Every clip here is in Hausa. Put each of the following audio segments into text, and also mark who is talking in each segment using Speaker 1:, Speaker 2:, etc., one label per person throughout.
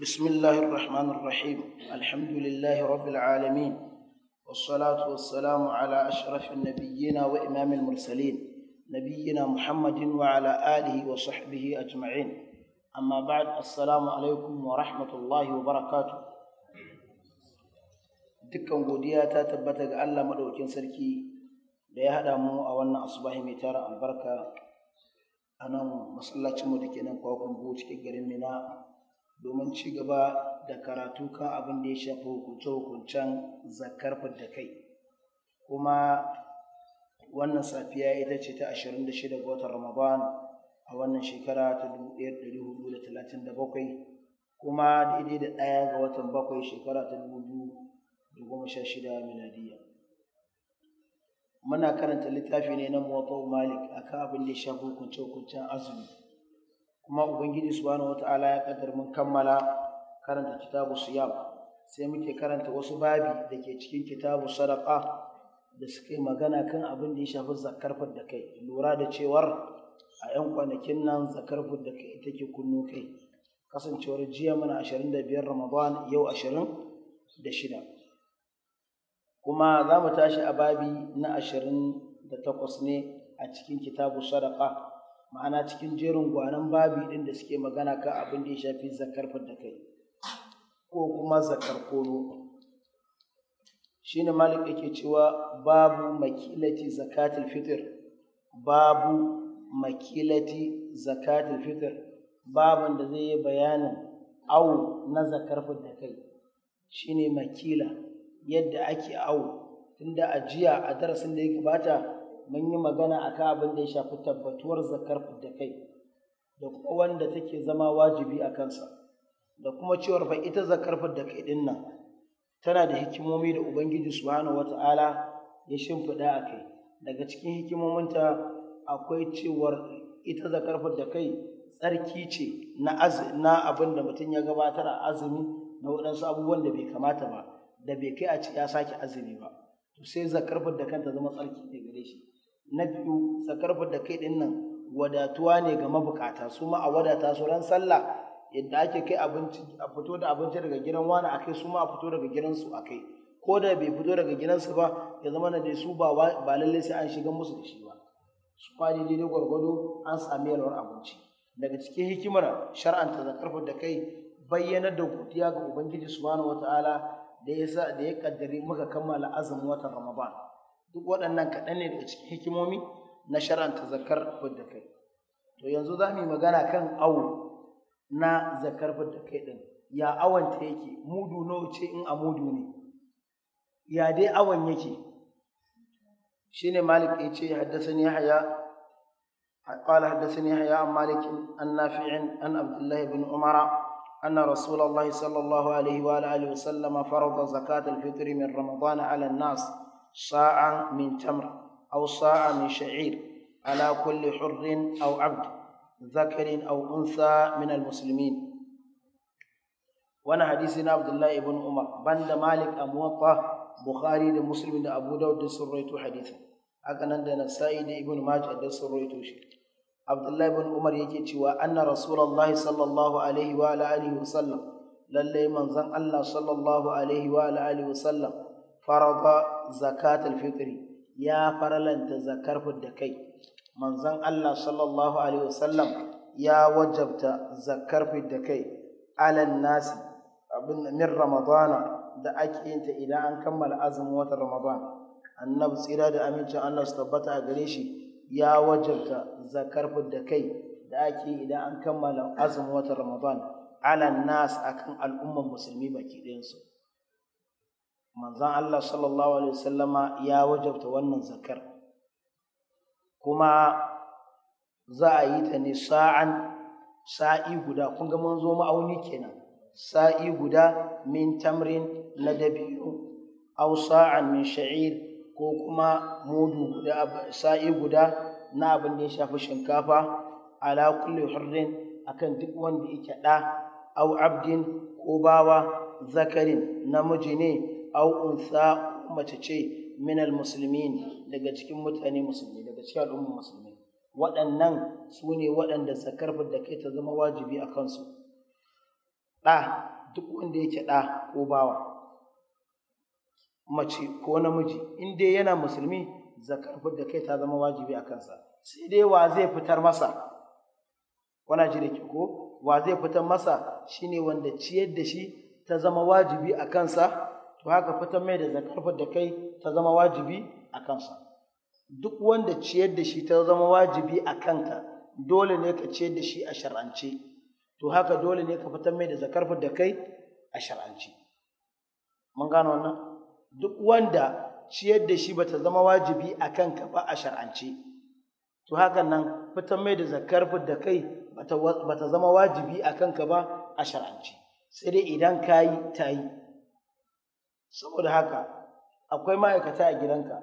Speaker 1: بسم الله الرحمن الرحيم الحمد لله رب العالمين والصلاة والسلام على أشرف النبيين وإمام المرسلين نبينا محمد وعلى آله وصحبه أجمعين أما بعد السلام عليكم ورحمة الله وبركاته dukkan godiya ta tabbata ga Allah maɗaukin sarki da ya haɗa mu a wannan asubahi mai tara albarka a nan domin ci gaba da karatu kan abin da ya shafi hukunce-hukuncen zakar da kai kuma wannan safiya ita ce ta 26 ga watan ramadan a wannan shekara ta 1437 kuma daidai da ɗaya ga watan bakwai shekara ta 2016 miladiya muna karanta littafi ne na muwatta malik akan abin da ya shafi hukunce-hukuncen azumi kuma ubangiji subhanahu wata'ala ya kaddar mun kammala karanta kitabu siyam sai muke karanta wasu babi da ke cikin kitabu sadaqa da suka yi magana kan abin da ya shafi zakar da kai lura da cewar a 'yan kwanakin nan zakar da kai ita ke kunnu kai kasancewar jiya da 25 ramadan yau ashirin da shida. kuma za mu tashi a babi na da 28 ne a cikin kitabu sadaqa ma'ana cikin jerin gwanon babi ɗin da suke magana kan abin da ya shafi zakar da kai ko kuma zakar kono shi ne malik yake cewa babu makilati zakatul fitr babu makilati zakatul fitr babin da zai yi bayanin awo na zakar da kai shine makila yadda ake awo tunda ajiya a darasin da ya gabata mun yi magana akan abin da ya shafi tabbatuwar zakar da kai da kuma wanda take zama wajibi a kansa da kuma cewar fa ita zakar da kai din nan tana da hikimomi da ubangiji subhanahu wata'ala ya shimfiɗa a kai daga cikin hikimominta akwai cewar ita zakar da kai tsarki ce na abin da mutum ya gabatar a azumi na waɗansu abubuwan da bai kamata ba da bai kai a ci ya sake azumi ba sai zakar da kanta zama tsarki ne gare shi na biyu tsakar da kai din nan wadatuwa ne ga mabukata su ma a wadata su ran sallah yadda ake kai abinci a fito da abinci daga gidan wani akai su ma a fito daga gidansu akai ko da bai fito daga gidansu ba ya zama na su ba ba lalle sai an shiga musu da shi ba su dai dai gwargwado an sami yalwar abinci daga cikin hikimar shar'anta zakar da kai bayyanar da godiya ga ubangiji subhanahu wataala da ya sa da ya kaddare muka kammala azumin watan ramadan duk waɗannan kaɗan ne daga cikin hikimomi na shar'anta zakar fidda kai to yanzu za mu yi magana kan awo na zakar fidda kai ɗin ya awanta yake mudu nawa ce in a mudu ne ya dai awon yake shine malik ya ce haddasa ni haya قال حدثني يحيى عن مالك عن نافع عن عبد الله بن عمر أن رسول الله صلى الله عليه وآله وسلم فرض زكاة الفطر من رمضان على الناس صاعا من تمر أو صاع من شعير على كل حر أو عبد ذكر أو أنثى من المسلمين وانا حديثنا عبد الله بن عمر بند مالك أموطة بخاري مسلم أبو داود سريت حديثا أكن ده نسائي ابن ماجه ده سريت شيء عبد الله بن عمر يجي توا أن رسول الله صلى الله عليه وعلى alihi وسلم للي من ظن الله صلى الله عليه وعلى wa وسلم فرض zakatul fitri ya faralanta zakar da kai manzon Allah sallallahu alaihi wasallam ya wajabta zakar da kai alan nasi abin min ramadana da ake yin ta idan an kammala azumin watan ramadan annabi tsira da amincin Allah su tabbata a gare shi ya wajabta zakar da kai da ake idan an kammala azumin watan ramadan alan nas akan al'umman musulmi baki ɗayansu manzan Allah sallallahu alaihi wasallama ya wajabta wannan zakar kuma za a yi ta ne sa'an sa'i guda kun ga mun zo ma'auni kenan sa'i guda min tamrin na dabi'u au sa'an min sha'ir ko kuma mudu guda sa'i guda na abin da ya shafi shinkafa ala kulli hurrin akan duk wanda yake da au abdin ko bawa zakarin namiji ne au unsa mace ce minal musulmin daga cikin mutane musulmi daga cikin al'ummar musulmi waɗannan su ne waɗanda zakar da kai ta zama wajibi a kansu ɗa duk wanda yake ɗa ko bawa mace ko namiji in dai yana musulmi zakar da kai ta zama wajibi a kansa sai dai wa zai fitar masa wana ji da ko wa zai fitar masa shine wanda ciyar da shi ta zama wajibi a kansa to haka fitar mai da zakar da kai ta zama wajibi a kansa duk wanda ciyar da shi ta zama wajibi a kanka dole ne ka ciyar da shi a shar'ance to haka dole ne ka fitar mai da zakar da kai a shar'ance mun gano wannan duk wanda ciyar da shi bata zama wajibi a kanka ba a shar'ance to haka nan fitar mai da zakar da kai bata zama wajibi a kanka ba a shar'ance sai dai idan ka yi ta yi saboda haka akwai ma'aikata a gidanka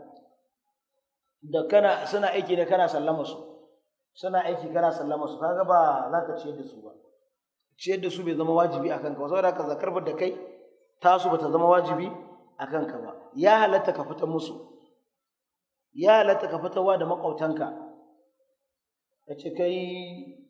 Speaker 1: da kana suna aiki ne kana sallama su suna aiki kana sallama su kaga ba za ka ciyar da su ba ciyar da su bai zama wajibi a kanka ba saboda haka zakar da kai tasu ba ta zama wajibi a kanka ba ya halatta ka fita musu ya halatta ka fitarwa da makwautanka ka ce kai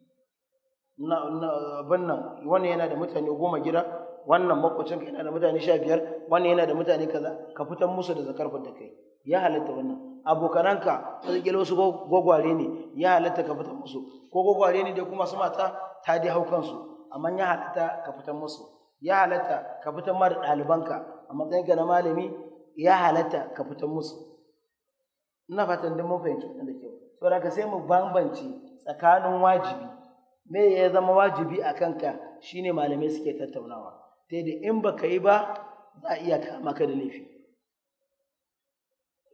Speaker 1: abin nan wannan yana da mutane goma gida wannan makwacinka yana da mutane sha biyar wannan yana da mutane kaza ka fitan musu da zakar da kai ya halatta wannan abokananka wataƙila wasu gwagware ne ya halatta ka fitan musu ko gwagware ne dai kuma su mata ta dai hau kansu amma ya halatta ka fitan musu ya halatta ka fitan ma da ɗalibanka a matsayinka na malami ya halatta ka fitan musu ina fatan duk mun fahimci da kyau da ka sai mu bambance tsakanin wajibi me ya zama wajibi a kanka shine malamai suke tattaunawa ta da in baka yi ba za a iya kama ka da laifi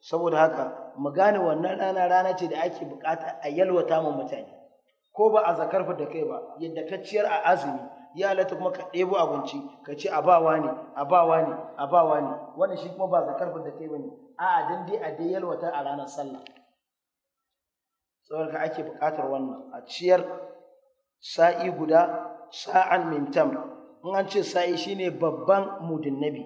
Speaker 1: saboda haka mu gane wannan rana rana ce da ake bukata a yalwata mu mutane ko ba a zakarfa da kai ba yadda ka ciyar a azumi ya halatta kuma ka ɗebo abinci ka ce a ne a ne a ne wannan shi kuma ba zakarfa da kai ba ne a'a a dai a dai yalwata a ranar sallah saboda ake bukatar wannan a ciyar sa'i guda sa'an min in an ce sa'i shine babban mudin nabi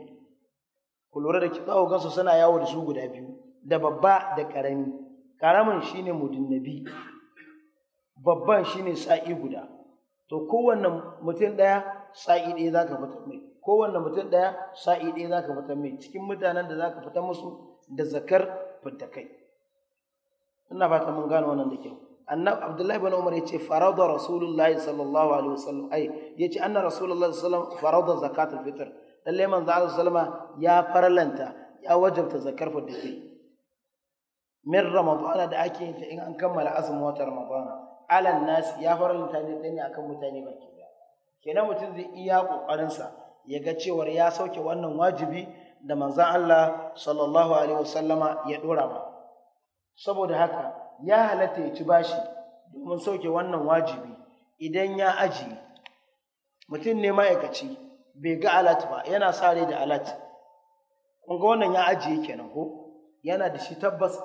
Speaker 1: ku lura da kitsawo gansu suna yawo da su guda biyu da babba da karami karamin shine mudin nabi babban shine sa'i guda to kowanne mutum daya sa'i ɗaya za ka fitar mai kowanne mutum daya sa'i ɗaya za ka fitar mai cikin mutanen da za ka fitar musu da zakar fitakai ina fata mun gane wannan da kyau annab abdullahi bin umar yace farada rasulullahi sallallahu alaihi wasallam ai yace anna rasulullahi sallallahu alaihi wasallam farada zakatul fitr lalle manzo Allah sallama ya farlanta ya wajabta zakar fitr
Speaker 2: min ramadana da
Speaker 1: ake yin ta in an kammala azumin wata ramadana ala nas ya farlanta ne dani akan mutane baki da kenan mutum zai iya kokarin sa ya ga cewar ya sauke wannan wajibi da manzon Allah sallallahu alaihi wasallama ya dora ma saboda haka ya halatta ya ci bashi domin soke wannan wajibi idan ya ajiye mutum ne ma'aikaci bai ga alat ba yana sare da alat kun wannan ya ajiye kenan ko yana da shi tabbas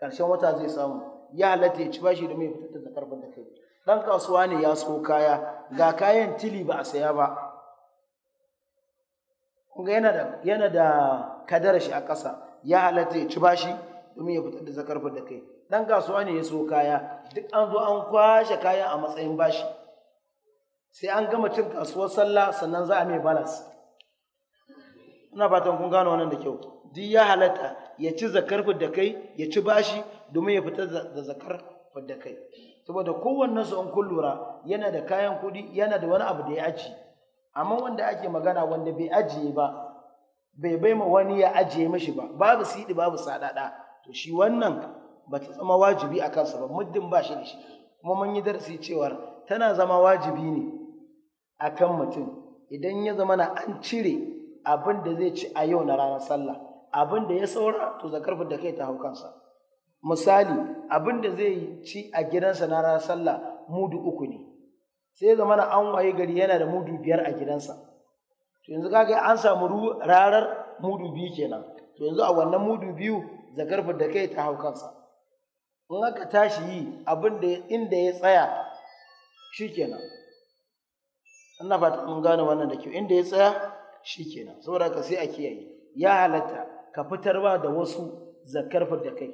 Speaker 1: ƙarshen wata zai samu ya halatta ya ci bashi domin ya fitar da zakar da kai dan kasuwa ne ya so kaya ga kayan tili ba a saya ba kun yana da yana shi a ƙasa ya halatta ya ci bashi domin ya fitar da zakar da kai Dan kasuwa ne ya so kaya duk an zo an kwashe kayan a matsayin bashi sai an gama cin kasuwar sallah sannan za a mai balas ina fatan kun gano wannan da kyau duk ya halatta ya ci zakar da kai ya ci bashi domin ya fita da zakar da kai saboda kowannen su an kun lura yana da kayan kuɗi yana da wani abu da ya aji amma wanda ake magana wanda bai ajiye ba bai bai ma wani ya ajiye mashi ba babu Sidi, babu saɗaɗa to shi wannan ba ta zama wajibi a kansa ba muddin ba shi da shi kuma mun yi darasi cewar tana zama wajibi ne a kan mutum idan ya zama na an cire abin da zai ci a yau na ranar sallah abin da ya saura to zakar da kai ta hau kansa misali abin da zai ci a gidansa na ranar sallah mudu uku ne sai ya zama na an waye gari yana da mudu biyar a gidansa to yanzu kaga an samu rarar mudu biyu kenan to yanzu a wannan mudu biyu zakar da kai ta hau kansa in aka tashi yi abin inda ya tsaya shikenan ina fata mun gane wannan da kyau inda ya tsaya shikenan saboda ka sai a kiyaye ya halatta ka fitar ba da wasu zakar da kai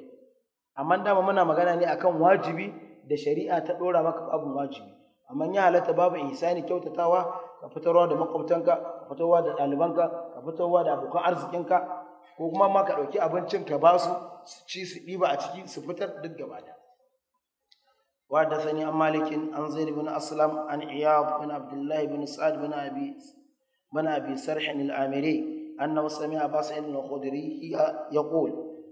Speaker 1: amma ba muna magana ne akan wajibi da shari'a ta dora maka abin wajibi amma ya halatta babu ihsani kyautatawa ka fitarwa da makwabtanka ka fitarwa da ɗalibanka ka fitarwa da abokan arzikinka ko kuma ma ka ɗauki abincin ka ba su ci su ɗiba a ciki su fitar duk gaba da wa da sani an malikin an zaini bin aslam an iyab bin abdullahi bin sa'ad bin abi bin abi sarhin al'amiri an ba sa'in na kudiri ya ya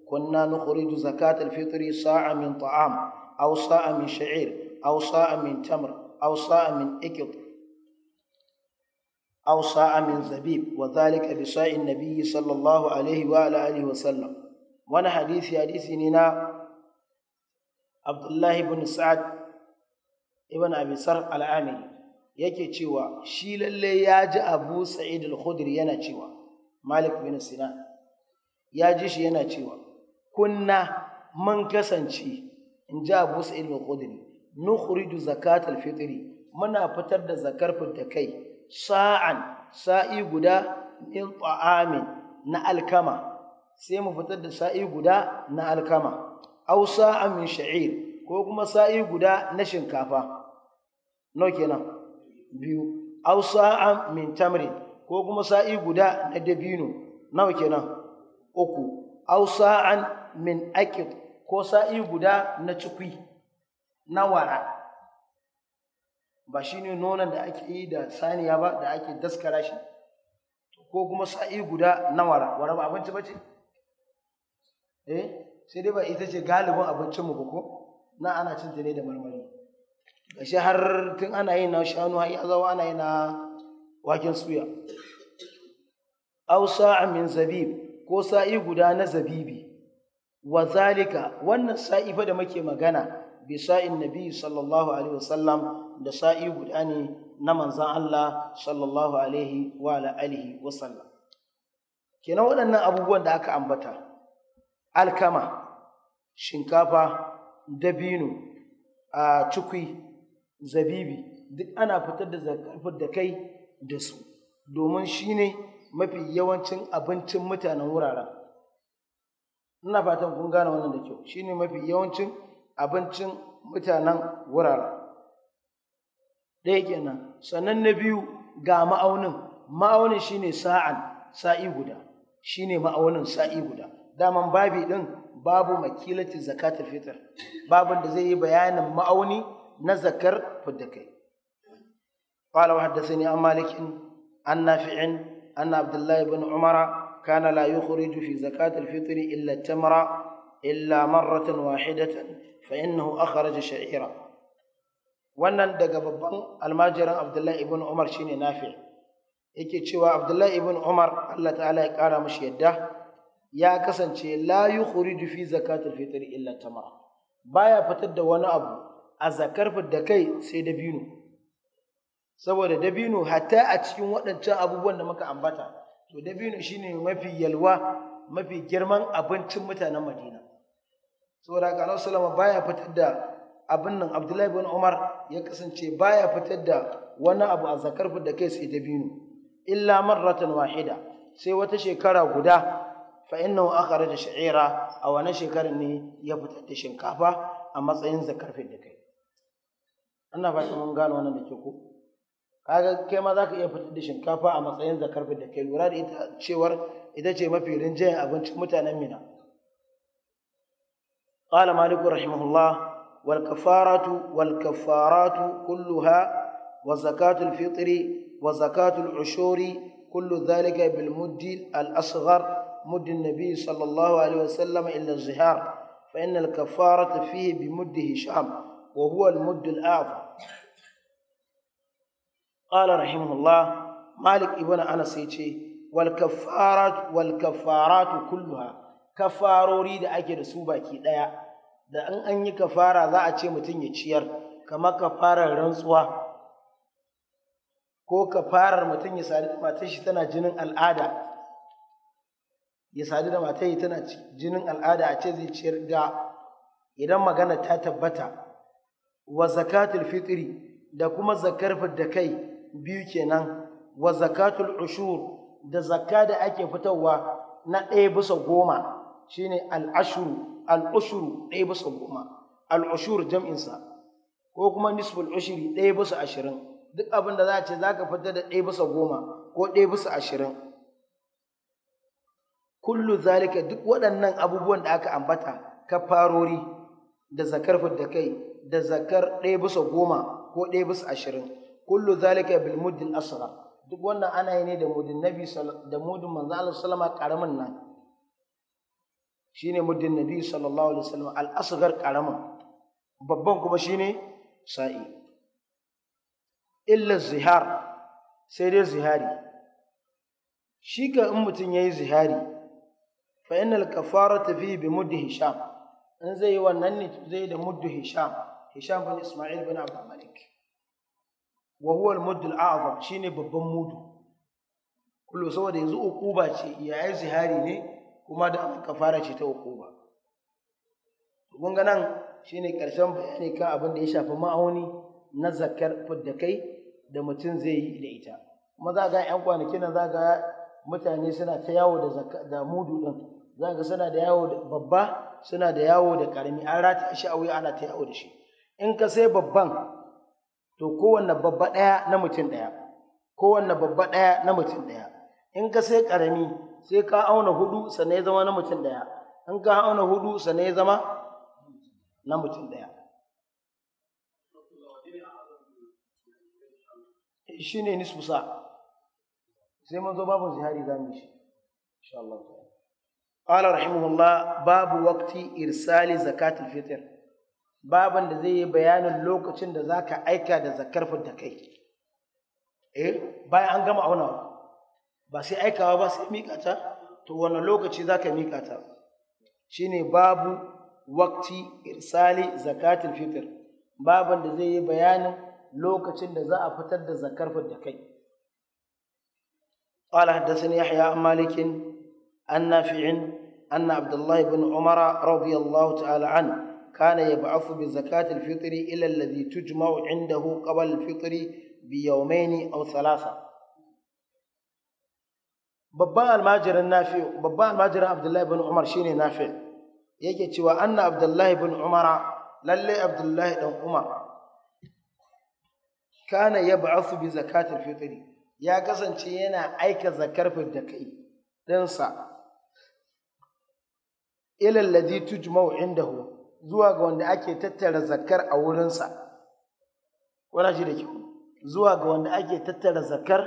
Speaker 1: kunna na kuridu zakat alfitri sa'a min ta'am aw sa'a min sha'ir aw sa'a min tamar aw sa'a min ikit أو صاع من زبيب وذلك بصاع النبي صلى الله عليه وعلى آله وسلم وانا حديث حديث نينا عبد الله بن سعد ابن أبي سر العامري yake cewa shi lalle ya ji Abu Sa'id al-Khudri yana cewa Malik bin Sinan ya ji shi yana cewa kunna mun kasance in ji Abu Sa'id al-Khudri nukhriju zakat al-fitri muna fitar da zakar fidda kai sa'an sa'i guda min ta'amin na alkama sai mu fitar da sa'i guda na alkama Au sa'an min sha'ir ko kuma sa'i guda na shinkafa nau kenan biyu Au sa'an min tamrin ko kuma sa'i guda na dabino nawa kenan uku Au sa'an min akit ko sa'i guda na cikwi na wara ba shi ne nonon da ake yi da saniya ba da ake daskara shi ko kuma sa'i guda na wara wara ba abinci ba ce eh sai dai ba ita ce galibin abincin mu ko na ana cin ta ne da marmari gashi har tun ana yin na shanu har yazawa ana yin na waken suya aw min zabib ko sa'i guda na zabibi wa zalika wannan sa'i fa da muke magana bi sa'in nabi sallallahu alaihi wasallam da sa'i guda ne na manzan Allah sallallahu alaihi wa alihi wa sallam kenan waɗannan abubuwan da aka ambata alkama shinkafa dabino a cukwi zabibi duk ana fitar da zakafar da kai da su domin shi ne mafi yawancin abincin mutanen wuraren ina fatan kun gane wannan da kyau shi ne mafi yawancin abincin mutanen wuraren ɗaya kenan sannan na biyu ga ma'aunin ma'aunin shine sa'an sa'i guda shine ma'aunin sa'i guda daman babi din babu makilati zakatul fitr babu da zai yi bayanin ma'auni na zakar fidda kai قال وحدثني عن مالك عن نافع أن عبد الله بن عمر كان لا يخرج في زكاة الفطر إلا التمر إلا مرة واحدة فإنه أخرج شعيرا wannan daga babban almajiran abdullahi ibn umar shine nafi yake cewa abdullahi ibn umar allah ta'ala ya kara mashi yadda ya kasance la yukhriju fi zakatul fitr illa tamar baya fitar da wani abu a zakar da kai sai dabino saboda dabino hatta a cikin waɗancan abubuwan da muka ambata to dabino shine mafi yalwa mafi girman abincin mutanen madina saboda haka sallama baya fitar da abin nan abdullahi bin umar ya kasance baya fitar da wani abu a zakar da kai sai ta dabino illa marratan wahida sai wata shekara guda fa innahu akhraja sha'ira a wani shekarar ne ya fitar da shinkafa a matsayin zakar da kai ana ba mun gano wannan da ke ko kaga kai ma zaka iya fitar da shinkafa a matsayin zakar da kai lura da ita cewar ita ce mafi rinjayen abincin mutanen mina قال مالك رحمه الله والكفارة والكفارات كلها وزكاة الفطر وزكاة العشور كل ذلك بالمد الأصغر مد النبي صلى الله عليه وسلم إلى الزهار فإن الكفارة فيه بمد هشام وهو المد الأعظم قال رحمه الله مالك ابن أنس يتي والكفارات والكفارات كلها كفار دا أكيد سوبا كي da in an yi kafara za a ce mutum ya ciyar kamar kafarar rantsuwa ko kafarar mutum ya sadu da matar shi tana jinin al'ada ya sadu da matar tana jinin al'ada a ce zai ciyar ga idan magana ta tabbata wa zakatul fitri da kuma zakar da kai biyu kenan wa zakatul ushur da zakka da ake fitarwa na ɗaya bisa goma shine al'ashuru al'ushuru ɗaya bisa goma al’ushuru jam'insa ko kuma nisful ushuri ɗaya bisa ashirin duk abin da za a ce za ka fitar da ɗaya bisa goma ko ɗaya bisa ashirin kullu zalika duk waɗannan abubuwan da aka ambata ka farori da zakar da kai da zakar ɗaya bisa goma ko ɗaya bisa ashirin kullu zalika bil muddin asghar duk wannan ana yi ne da mudin nabi da mudin manzo Allah sallama karamin nan shine muddin nabi sallallahu alaihi wasallam al-asghar karamin babban kuma shine sa'i illa zihar sai dai zihari shi ka in mutum yayi zihari fa innal kafarata fi bi muddi hisham in zai yi wannan ne zai da muddu hisham hisham bin isma'il bin abdul malik wa huwa al-mudd al-a'zam shine babban mudu kullu saboda yanzu ukuba ce yayi zihari ne kuma da an kafara ce ta hukuma kun ga nan shine karshen bayani kan abin da ya shafi ma'auni na zakar fidda kai da mutum zai yi da ita kuma za ga yan kwanakin nan za ga mutane suna ta yawo da da mudu din za ga suna da yawo da babba suna da yawo da karami an rata shi a wuya ana ta yawo da shi in ka sai babban to kowanne babba ɗaya na mutum ɗaya kowanne babba ɗaya na mutum ɗaya in ka sai karami sai ka auna hudu sane ya zama na mutum daya in ka auna hudu sane ya zama na mutum daya eh, shi ne nisfu sa sai mun babu zihari za mu shi insha Allah قال rahimahullah babu waqti irsali إرسال زكاة الفطر baban da zai yi bayanin lokacin da zaka aika da zakar fidda kai eh bayan an gama aunawa ba sai aikawa ba sai mika ta to wannan lokaci zaka mika ta shine babu wakti irsali zakatul fitr baban da zai yi bayanin lokacin da za a fitar da zakar da kai قال حدثني يحيى عن مالك عن نافع أن عبد الله بن عمر رضي الله تعالى عنه كان يبعث بزكاة الفطر إلى الذي تجمع عنده قبل الفطر بيومين أو ثلاثة babban almajirin nafi babban almajirin abdullahi bin umar shine nafi yake cewa anna abdullahi bin umara lalle abdullahi dan umar kana yab'athu bi zakatil fitri ya kasance yana aika zakar da kai dinsa ila alladhi tujma'u indahu zuwa ga wanda ake tattara zakar a wurinsa wannan shi da kyau zuwa ga wanda ake tattara zakar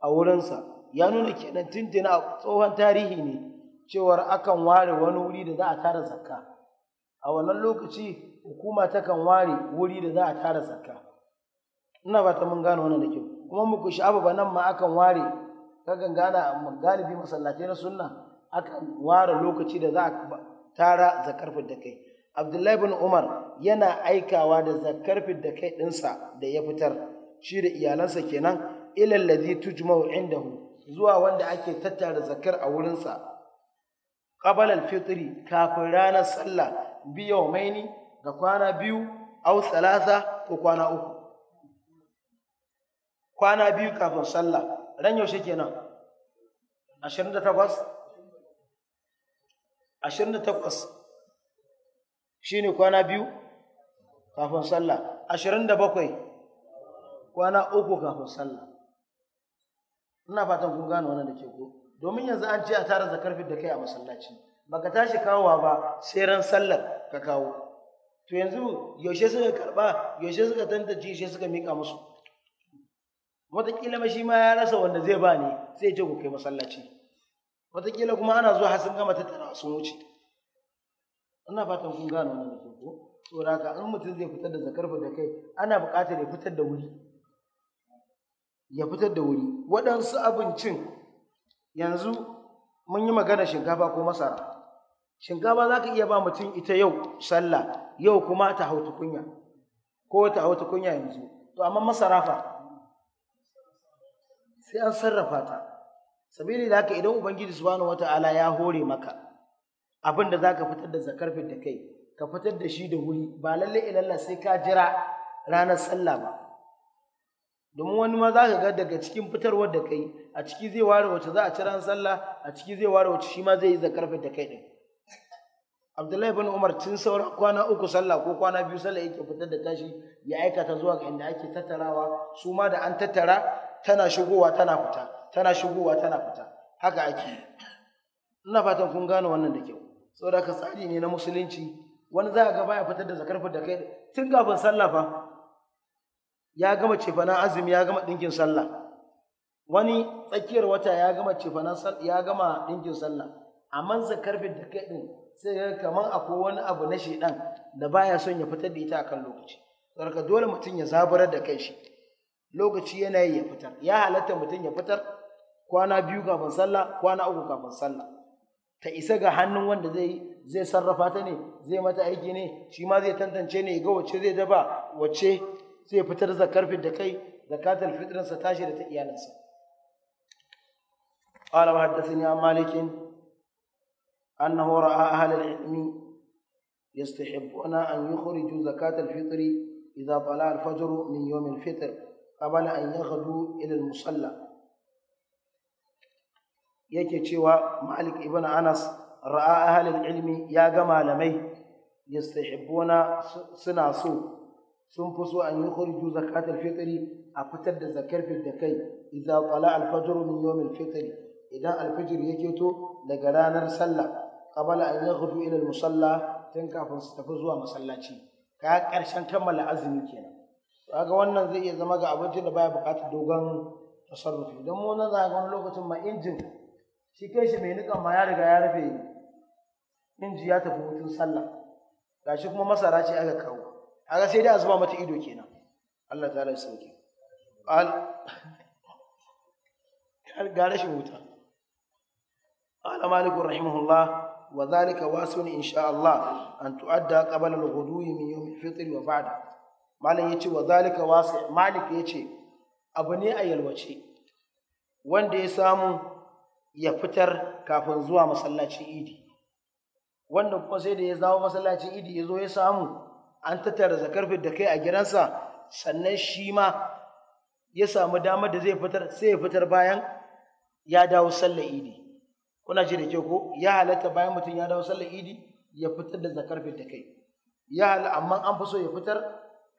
Speaker 1: a wurinsa ya nuna kenan tuntuna a tsohon tarihi ne cewar akan ware wani wuri da za a tara zakka a wannan lokaci hukuma takan ware wuri da za a tara zakka ina ba ta mun gane wannan da kyau kuma muku sha'aba ba nan ma akan ware ka gangana galibi masallatai na sunna akan ware lokaci da za a tara zakkar da kai abdullahi bin umar yana aikawa da zakkar da kai ɗinsa da ya fitar shi da iyalansa kenan ilallazi tujma'u indahu zuwa wanda ake tattara zakar a wurinsa ƙabal alfitri kafin ranar sallah wa maini ga kwana biyu au salasa ko kwana uku kwana biyu kafin sallah ran yaushe kenan 28 28 shine kwana biyu kafin sallah 27 kwana uku kafin sallah ina fatan kun gane wannan da ke ko domin yanzu an ce a tara zakarfi da kai a masallaci baka tashi kawowa ba sai ran sallar ka kawo to yanzu yaushe suka karba yaushe suka tantance yaushe suka mika musu wataƙila ma shi ma ya rasa wanda zai ba ne sai ya ce ku kai masallaci wataƙila kuma ana zuwa sun gama tattara sun wuce ina fatan kun gane wannan da ke ko saboda haka in mutum zai fitar da zakarfi da kai ana buƙatar ya fitar da wuri ya fitar da wuri waɗansu abincin yanzu mun yi magana shinkafa ko masara shinkafa za ka iya ba mutum ita yau sallah yau kuma ta hau tukunya ko ta hau tukunya yanzu to amma masara fa sai an sarrafa ta sabili da haka idan ubangiji subhanahu wata'ala ya hore maka abin da za ka fitar da zakar da kai ka fitar da shi da wuri ba lalle ilalla sai ka jira ranar sallah ba domin wani ma za ka ga daga cikin fitarwar da kai a ciki zai ware wacce za a ci ran sallah a ciki zai ware wacce shi ma zai yi zakarfe da kai din abdullahi bin umar tun saura kwana uku sallah ko kwana biyu sallah yake fitar da tashi ya aikata zuwa ga inda ake tattarawa su ma da an tattara tana shigowa tana fita tana shigowa tana fita haka ake ina fatan kun gane wannan da kyau saboda ka tsari ne na musulunci wani za ka ga baya fitar da zakarfe da kai tun kafin sallah fa ya gama cefanen azumi ya gama ɗinkin sallah wani tsakiyar wata ya gama cefanen ya gama ɗinkin sallah amma karfe da kai ɗin sai ga kamar akwai wani abu na shedan da baya son ya fitar da ita akan lokaci sarka dole mutum ya zabarar da kai shi lokaci yana yi ya fitar ya halatta mutum ya fitar kwana biyu kafin sallah kwana uku kafin sallah ta isa ga hannun wanda zai zai sarrafa ta ne zai mata aiki ne shi ma zai tantance ne ga wacce zai daba wacce sai fitar zakar fit da kai zakatul fitrin sa tashi da ta iyalansa qala hadathani an malik annahu ra'a ahli al-ilmi yastahibbuna an yukhriju zakatul fitri idha tala al-fajr min yawm al-fitr qabla an yaghdu ila al-musalla yake cewa malik ibn anas ra'a ahli al-ilmi ya ga malamai yastahibbuna suna so sun fi so an yi khurju zakatul fitri a fitar da zakar da kai idza qala al fajr min yawm al idan al fajr yake to daga ranar sallah qabala an yaghdu ila al musalla tun kafin su tafi zuwa masallaci ka karshen kammala azumi kenan kaga wannan zai iya zama ga abincin da baya bukatar dogon tasarrufi don mu na zaga wani lokacin ma injin shi kai shi mai nikan ma ya riga ya rufe inji ya tafi hutun sallah gashi kuma masara ce aka kawo Aga sai dai a zuba mata ido kenan Allah ta halar sauki ga rashin wuta ala malikun rahimahullah wa zalika wasu ne insha Allah an tu'adda qabala al-ghudu min yawm al-fitr wa ba'd malik yace wa zalika wasu malik yace abu ne a yalwace wanda ya samu ya fitar kafin zuwa masallacin idi wanda kuma sai da ya zawo masallacin idi ya zo ya samu an tattara zakarfin da kai a gidansa sannan shi ma ya samu damar da zai fitar sai ya fitar bayan ya dawo sallar idi kuna ji da ke ko ya halatta bayan mutum ya dawo sallar idi ya fitar da zakar da kai ya halatta amma an fi so ya fitar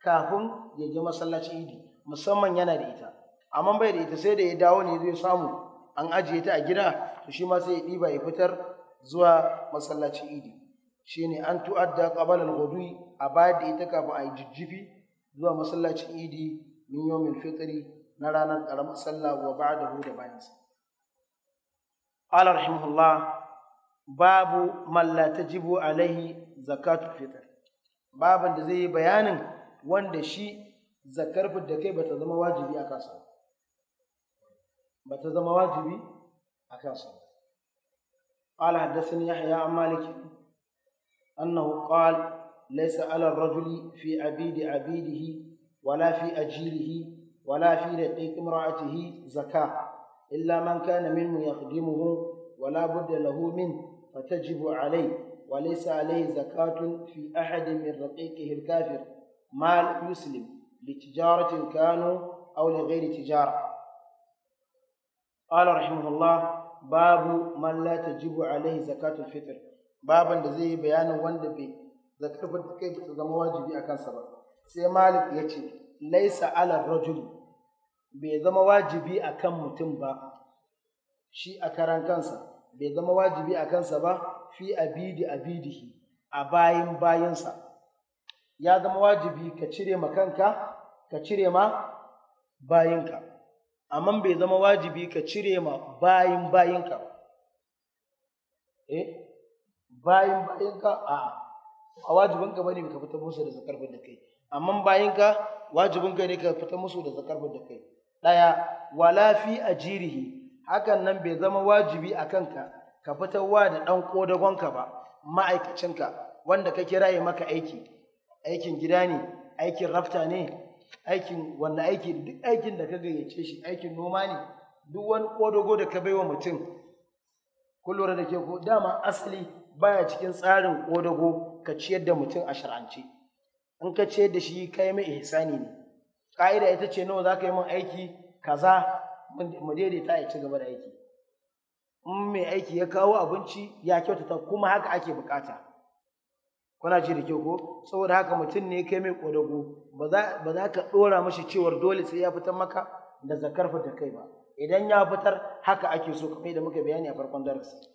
Speaker 1: kafin ya je masallaci idi musamman yana da ita amma bai da ita sai da ya dawo ne zai samu an ajiye ta a gida to shi ma sai ya ɗiba ya fitar zuwa masallacin idi ne an tu'adda da al-ghudwi a bayar da ita kafin yi jijjifi zuwa masallacin idi min yawmil fitri na ranar karamar sallah wa ba da bayan sa qala rahimahullah babu mallata jibo alaihi Zakatu fitr babu da zai yi bayanin wanda shi zakar da kai bata zama wajibi a bata zama wajibi a kansa قال حدثني يحيى عن مالك أنه قال ليس على الرجل في عبيد عبيده ولا في أجيله ولا في رقيق امرأته زكاة إلا من كان منه يخدمه ولا بد له منه فتجب عليه وليس عليه زكاة في أحد من رقيقه الكافر مال يسلم لتجارة كانوا أو لغير تجارة قال رحمه الله باب من لا تجب عليه زكاة الفطر babin da zai yi bayanin wanda bai zakar ba kai ta zama wajibi a kansa ba sai malik ya ce laisa ala rajul bai zama wajibi a kan mutum ba shi a karan kansa bai zama wajibi a kansa ba fi abidi abidihi a bayan bayansa ya zama wajibi ka cire ma kanka ka cire ma bayinka amma bai zama wajibi ka cire ma bayin bayinka eh bayan bayan ka a a wajibin ka bane ka fita musu da zakar da kai amma bayan ka wajibin ka ne ka fita musu da zakar da kai daya wala fi ajirihi hakan nan bai zama wajibi a kanka ka wa da dan kodagon ka ba ma'aikacinka wanda ka kira yi maka aiki aikin gida ne aikin rafta ne aikin wanda aiki duk aikin da ka gayyace shi aikin noma ne duk wani kodago da ka baiwa mutum kullum da ke ko dama asali baya cikin tsarin ƙodago ka ciyar da mutum a shar'ance in ka ciyar da shi kai mai ihsani ne ƙa'ida ita ce nawa za ka yi min aiki kaza mu daidaita ya ci gaba da aiki in mai aiki ya kawo abinci ya kyautata kuma haka ake bukata kuna ji da kyau ko saboda haka mutum ne kai mai ƙodago ba za ka ɗora mashi cewar dole sai ya fitar maka da zakar fita kai ba idan ya fitar haka ake so kamar da muka bayani a farkon darasi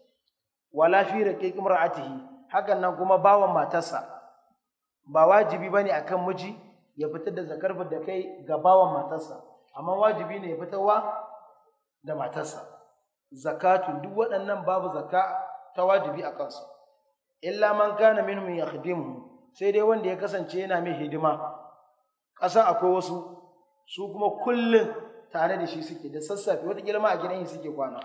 Speaker 1: wala fi raqiqi mar'atihi hakan nan kuma bawan matarsa ba wajibi bane akan miji ya fitar da zakar da kai ga bawan matarsa amma wajibi ne ya fitarwa da matarsa zakatu duk waɗannan babu zakka ta wajibi a kansu illa man kana minhum yakhdimu sai dai wanda ya kasance yana mai hidima ƙasa akwai wasu su kuma kullum tare da shi suke da sassafe wata girma a gidan yi suke kwana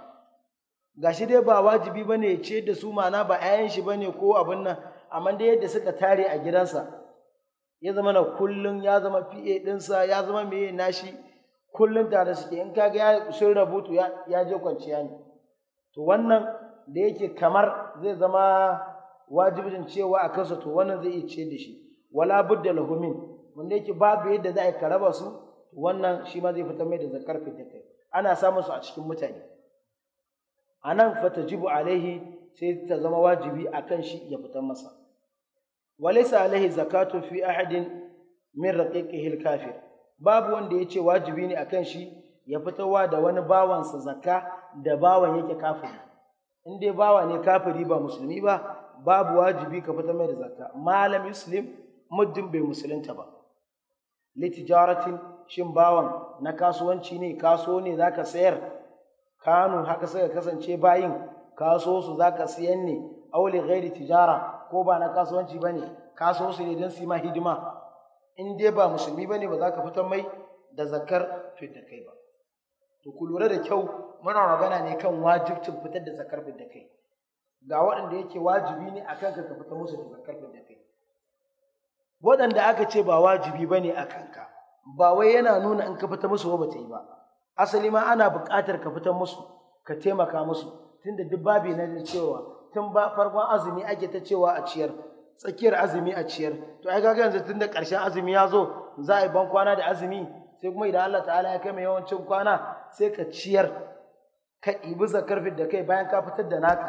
Speaker 1: gashi dai ba wajibi ba ya ce da su mana ba 'ya'yan shi ba ne ko abin nan amma dai yadda suka tare a gidansa ya zama na kullum ya zama PA ɗinsa ya zama mai nashi kullum tare suke in kaga ya sun rabutu ya je kwanciya ne to wannan da yake kamar zai zama wajibin cewa a kansa to wannan zai iya ce da shi wala budda lahumin wanda yake babu yadda za a yi karaba su wannan shi ma zai fitar mai da zakar fitakai ana samun su a cikin mutane a nan fatajibu alaihi sai ta zama wajibi a shi ya fitar masa walisa alaihi zakatu fi ahadin min raqiqihi kafir babu wanda ya ce wajibi ne akan shi ya fitowa da wani bawansa zakka da bawan yake kafiri in dai bawa ne kafiri ba musulmi ba babu wajibi ka fitar mai da zakka malam muslim muddin bai musulunta ba litijaratin shin bawan na kasuwanci ne kaso ne zaka sayar kanu haka suka kasance bayin kaso su ka siyan ne auli gairi tijara ko ba na kasuwanci ba ne kaso su ne don su ma hidima in dai ba musulmi ne ba za ka fitar mai da zakar fidda kai ba to ku lura da kyau muna magana ne kan wajibcin fitar da zakar fidda kai ga waɗanda yake wajibi ne akan ka ka fitar musu da zakar fidda kai waɗanda aka ce ba wajibi ba ne a kanka, ba wai yana nuna in ka fita musu ba ta yi ba asali ma ana buƙatar ka fitar musu ka taimaka musu tunda duk babi na cewa tun ba farkon azumi ake ta cewa a ciyar tsakiyar azumi a ciyar to ai kaga yanzu tunda ƙarshen azumi ya zo za a yi ban kwana da azumi sai kuma idan Allah ta'ala ya kai mai yawancin kwana sai ka ciyar ka ɗibi zakar da kai bayan ka fitar da naka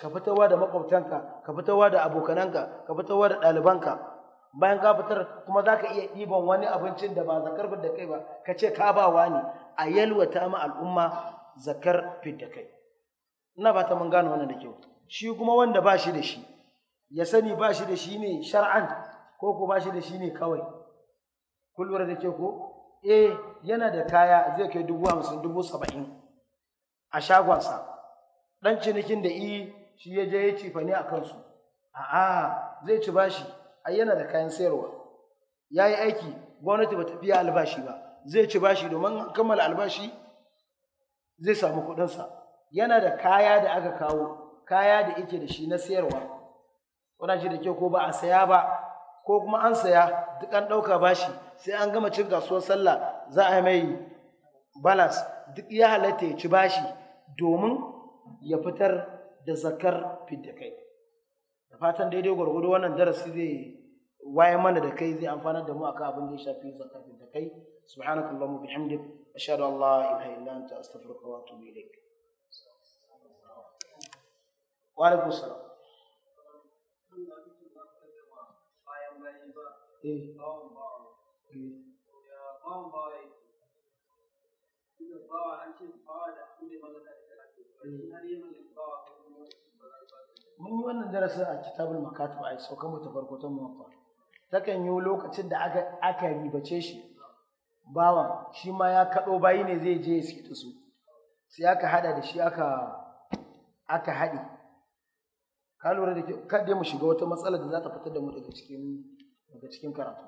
Speaker 1: ka fitarwa da makwabtanka ka fitarwa da abokananka ka fitarwa da ɗalibanka bayan ka fitar kuma za ka iya ɗiban wani abincin da ba zakar fidda kai ba ka ce ka ba wani a yalwata ma al'umma zakar fidda kai ina ba ta mun gano wannan da kyau shi kuma wanda ba shi da shi ya sani ba shi da shi ne shar'an ko ko ba shi da shi ne kawai Kulwar da kyau ko eh yana da kaya zai kai dubu hamsin dubu saba'in a shagonsa ɗan cinikin da i shi ya je ya cifa ne a kansu a'a zai ci bashi ai yana da kayan sayarwa ya yi aiki gwamnati ba ta biya albashi ba zai ci bashi domin kammala albashi zai samu kuɗinsa yana da kaya da aka kawo kaya da yake da shi na sayarwa kuna shi da kyau ko ba a saya ba ko kuma an saya duk an ɗauka bashi sai an gama cin kasuwar sallah za a mai balas duk ya halatta ya ci bashi domin ya fitar da zakar fidda kai da fatan daidai gwargwado wannan darasi zai waye mana da kai zai amfana da mu akan abin da ya shafi zakatun da kai subhanakallahumma bihamdik ashhadu an la ilaha illa anta astaghfiruka wa atubu ilaik wa alaikum salam
Speaker 2: eh bawa an ce bawa da abin da ya mallaka da talaka har yi mallaka bawa
Speaker 1: mun yi wannan darasin a kitabul makatib a saukan mu ta farko ta muwaffa takan yi lokacin da aka aka ribace shi bawan shi ma ya kaɗo bayi ne zai je ya ta su sai aka haɗa da shi aka aka haɗe ka lura da ke kada mu shiga wata matsala da za ta fitar da mu daga cikin daga cikin karatu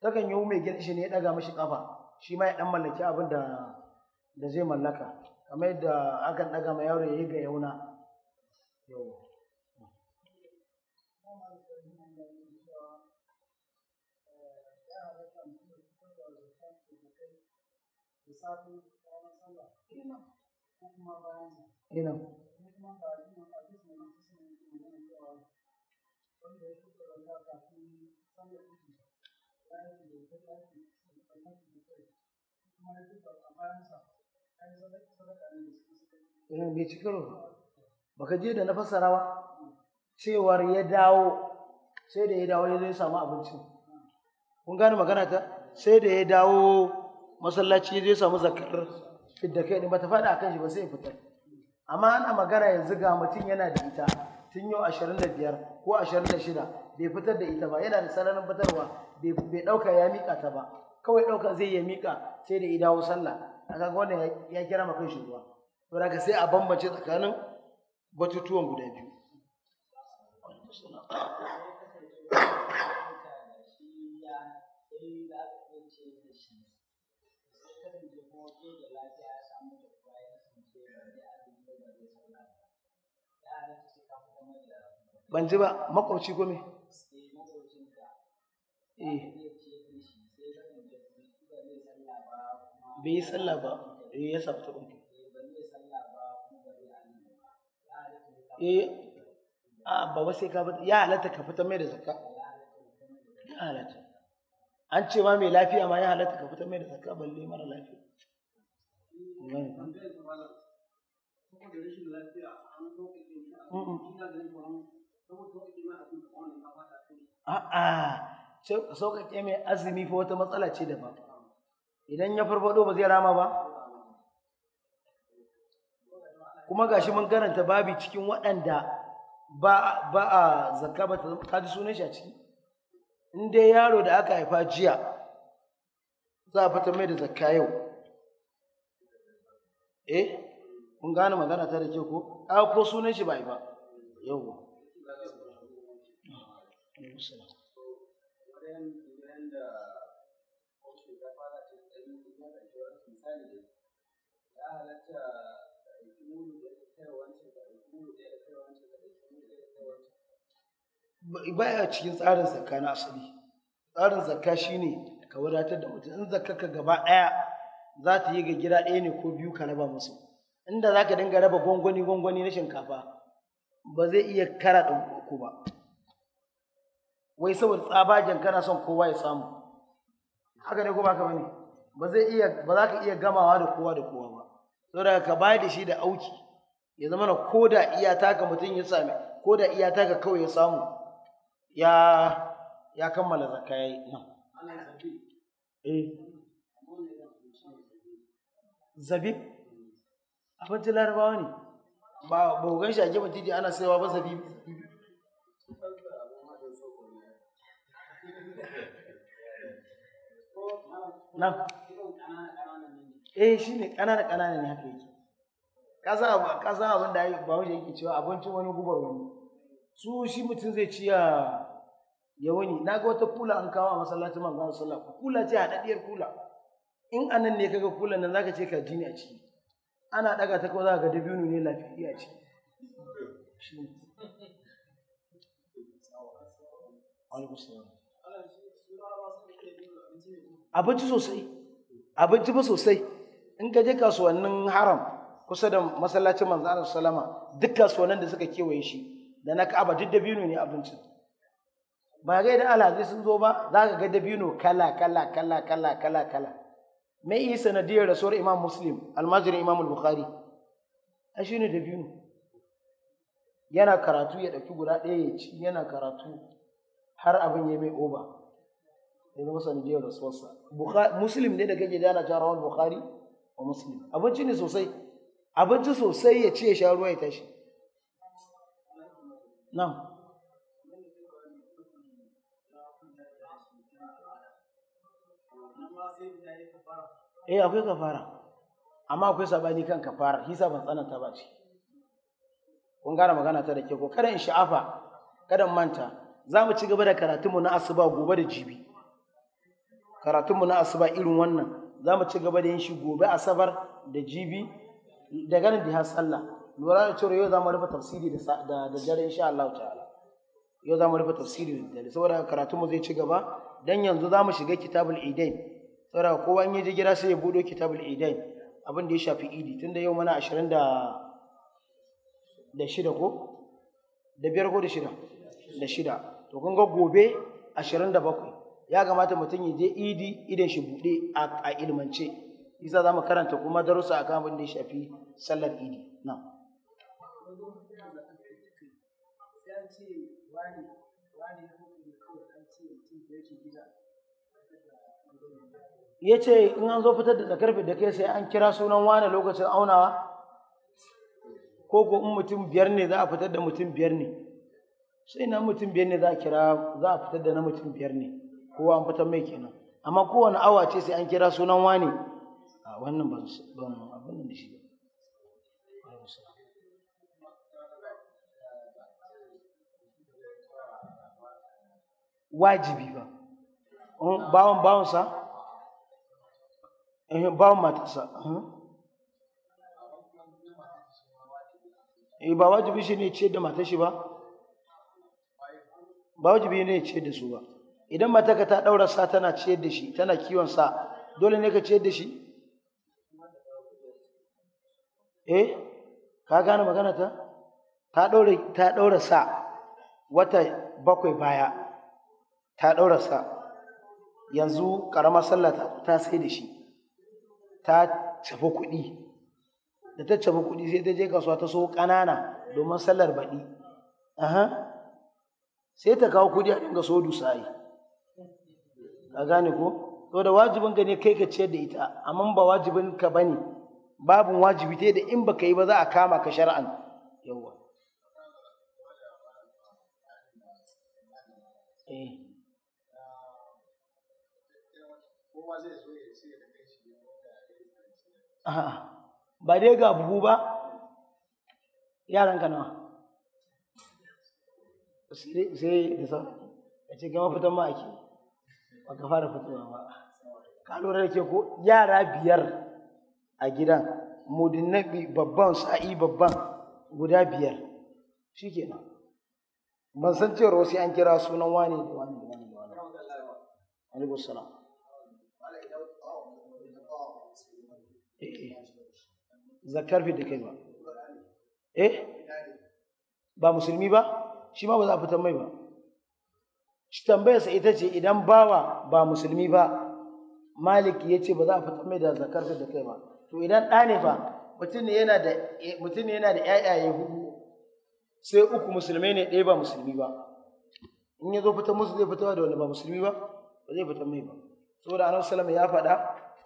Speaker 1: takan yi mai gidan shi ne ya ɗaga mashi kafa shi ma ya dan mallaki abin da da zai mallaka kamar yadda akan ɗaga ma yaro ya yi ga yauna yawa Eh, mai ci karo baka je da na fassara ba cewar ya dawo sai da ya dawo ya zai samu abinci kun gane magana ta sai da ya dawo masallaci zai samu zakar fidda kai ba ta a kan shi ba sai ya fitar amma ana magana yanzu ga mutum yana da ita tun yau ashirin da biyar ko ashirin da shida bai fitar da ita ba yana da sanarin fitarwa bai ɗauka ya miƙa ta ba kawai ɗauka zai ya miƙa sai da idawo sallah a kaga wannan ya kira ma kanshi ruwa to sai a bambance tsakanin batutuwan guda biyu ban ji ba makwabci gome
Speaker 2: eh bai yi sallah ba eh, ya sabta uku eh,
Speaker 1: a ba wasu ka ba ya halatta ka fitar mai da zakka ya halatta an ce ma mai lafiya ma ya halatta ka fitar mai da zakka balle mara lafiya a'a sauƙaƙe mai azumi fa wata matsala ce da ba idan ya farfado ba zai rama ba kuma gashi mun karanta babi cikin waɗanda ba ba a zakka ba ta ji sunan shi a ciki in dai yaro da aka haifa jiya za a fata mai da zakka yau eh kun gane magana ta da ke ko a ko sunan shi ba yi ba yau
Speaker 2: halatta da da da
Speaker 1: Baya cikin tsarin zakka na asali. Tsarin zakka shine ka wadatar da mutum in zakka ka gaba ɗaya za ta yi ga gida ɗaya ne ko biyu ka raba musu. Inda za ka dinga raba gwangwani gwangwani na shinkafa ba zai iya kara ɗan uku ba. Wai saboda tsabagen kana son kowa ya samu. Haka ne ko ba ka bane? ba zai iya ba za ka iya gamawa da kowa da kowa ba saboda ka bayar da shi da auki ya zama na ko da iyata ka mutum ya sami ko da iyata ka kawai ya samu ya ya kammala zakka yi nan eh zabib abincin larabawa ne ba ba gan shi a gefen titi ana saiwa ba zabib nan eh shi ne ƙanana ƙanana ne haka yake ka san abin da ba wajen yake cewa abincin wani gubar wani su shi mutum zai ci ya wani na ga wata kula an kawo a masallacin manzan sallah kula ce haɗaɗɗiyar kula in anan ne kaga kula nan zaka ce kaji ne a ciki ana ɗaga ta kawai za ka ga dabino ne lafiya a ciki abinci sosai abinci ba sosai in ka je kasuwannin haram kusa da masallacin manzo Allah sallama duk kasuwannin da suka kewaye shi da na Ka'aba duk dabino ne abincin ba ga da alhaji sun zo ba za ka ga dabino kala kala kala kala kala kala me yi sanadiyar rasuwar Imam Muslim almajirin Imam Bukhari a shine dabino yana karatu ya ɗauki guda ɗaya ya ci yana karatu har abin ya mai oba ya zama sanadiyar rasuwarsa muslim ne da kake da jarawar bukhari wa musulmi abinci ne sosai abinci sosai ya ci ya sha ruwa ya tashi Nan? eh akwai kafara amma akwai sabani kan kafara hisa ban tsananta ba ce kun gane magana ta da ke ko kada in sha'afa kada manta za mu ci gaba da karatunmu na asuba gobe da jibi karatunmu na asuba irin wannan za mu ci gaba da yin shi gobe asabar da jibi da ganin da sallah lura da cewa yau za mu rufe tafsiri da dare insha Allah ta'ala yau za mu rufe tafsiri da dare saboda karatu mu zai ci gaba dan yanzu za mu shiga kitabul idain saboda kowa in ya je gida sai ya budo kitabul idain abin da ya shafi idi tunda yau mana 20 da da shida ko da biyar ko da shida da shida to kun ga gobe 27 ya kamata mutum ya je idi idan shi buɗe a ilmance isa za mu karanta kuma darussa a kan da ya shafi sallar idi na ya ce in an zo fitar da tsakar da kai sai an kira sunan wane lokacin aunawa ko ko in mutum biyar ne za a fitar da mutum biyar ne sai na mutum biyar ne za a kira za a fitar da na mutum biyar ne kowa an fitar mai kenan amma kowane awa ce sai an kira sunan wani a wannan ban abin da shi wajibi ba bawon bawonsa bawon eh, matarsa eh, ba wajibi shi ne ce da matashi ba ba wajibi ne ce da su ba idan matarka ta ɗaura sa tana ciyar da shi tana kiwon sa dole ne ka ciyar da shi eh ka gane magana ta ta ɗaure ta ɗaura sa wata bakwai baya ta ɗaura sa yanzu ƙaramar sallah ta sai da shi ta cafi kuɗi da ta cafi kuɗi sai ta je kasuwa ta so ƙanana domin sallar baɗi sai ta kawo kuɗi a dinga so dusayi ka gane ko to da wajibin ka ne kai ka ciyar da ita amma ba wajibin ka bane Babu wajibi ta da in baka yi ba za a kama ka shar'an
Speaker 2: yawa eh
Speaker 1: ba dai ga buhu ba yaran ka nawa sai da sa a ce gama fitan ma ake baka fara fitowa ba ka lura da ke ko yara biyar a gidan mudinnabi babban sa'i babban guda biyar shi kenan ban san cewa wasu an kira sunan wani da wani da wani da wani alaikum salam eh, eh. zakar fi da kai ba eh ba musulmi ba shi ma ba za a fitar mai ba Shi tambayarsa ita ce idan bawa ba musulmi ba malik ya ce ba za a fitar mai da zakar da kai ba to idan ɗa ne fa mutum ne yana da mutum ne yana da ƴaƴaye hudu sai uku musulmi ne ɗaya ba musulmi ba in ya zo fitar musu zai fitar da wani ba musulmi ba ba zai fitar mai ba saboda annabi sallallahu ya faɗa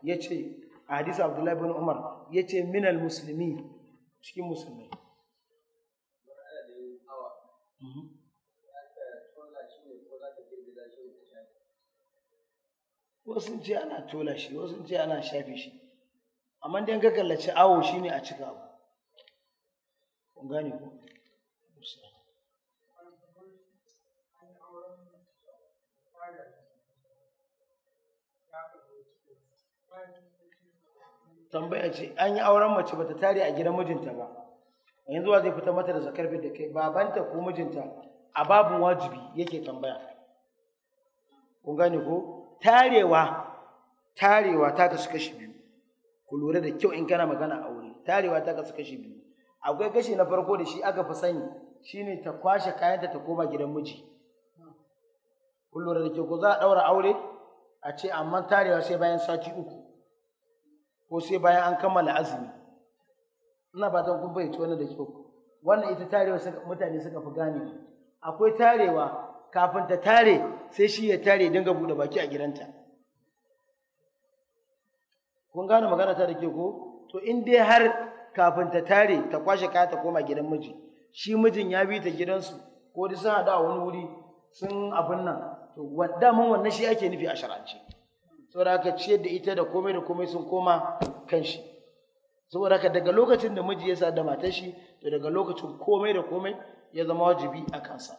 Speaker 1: ya ce a hadisi abdullahi bin umar ya ce minal musulmi cikin musulmi. Mm-hmm. wasu ce ana tola shi wasu ce ana shafe shi amma dai ka kallaci awo shine a cika abu kun gane ko tambaya ce an yi auren mace bata tare a gidan mijinta ba yanzu wa zai fita mata da zakar da kai babanta ko mijinta a babin wajibi yake tambaya kun gane ko tarewa tarewa ta kasu kashi biyu ku lura da kyau in kana magana aure tarewa ta kasu kashi biyu akwai kashi na farko da shi aka fi sani shine ta kwashe kayanta ta koma gidan miji ku lura da kyau ko za a ɗaura aure a ce amma tarewa sai bayan sati uku ko sai bayan an kammala azumi ina fatan kun fahimci wannan da kyau wannan ita tarewa mutane suka fi gane akwai tarewa kafin ta tare sai shi ya tare dinga buɗe baki a gidanta kun gane magana ta da ke ko to in dai har kafin ta tare ta kwashe kaya ta koma gidan miji shi mijin ya bi ta gidansu ko da sun haɗu a wani wuri sun abin nan to daman wannan shi ake nufi a sharance saboda haka ciyar da ita da komai da komai sun koma kan shi saboda haka daga lokacin da miji ya sa da matar shi to daga lokacin komai da komai ya zama wajibi a kansa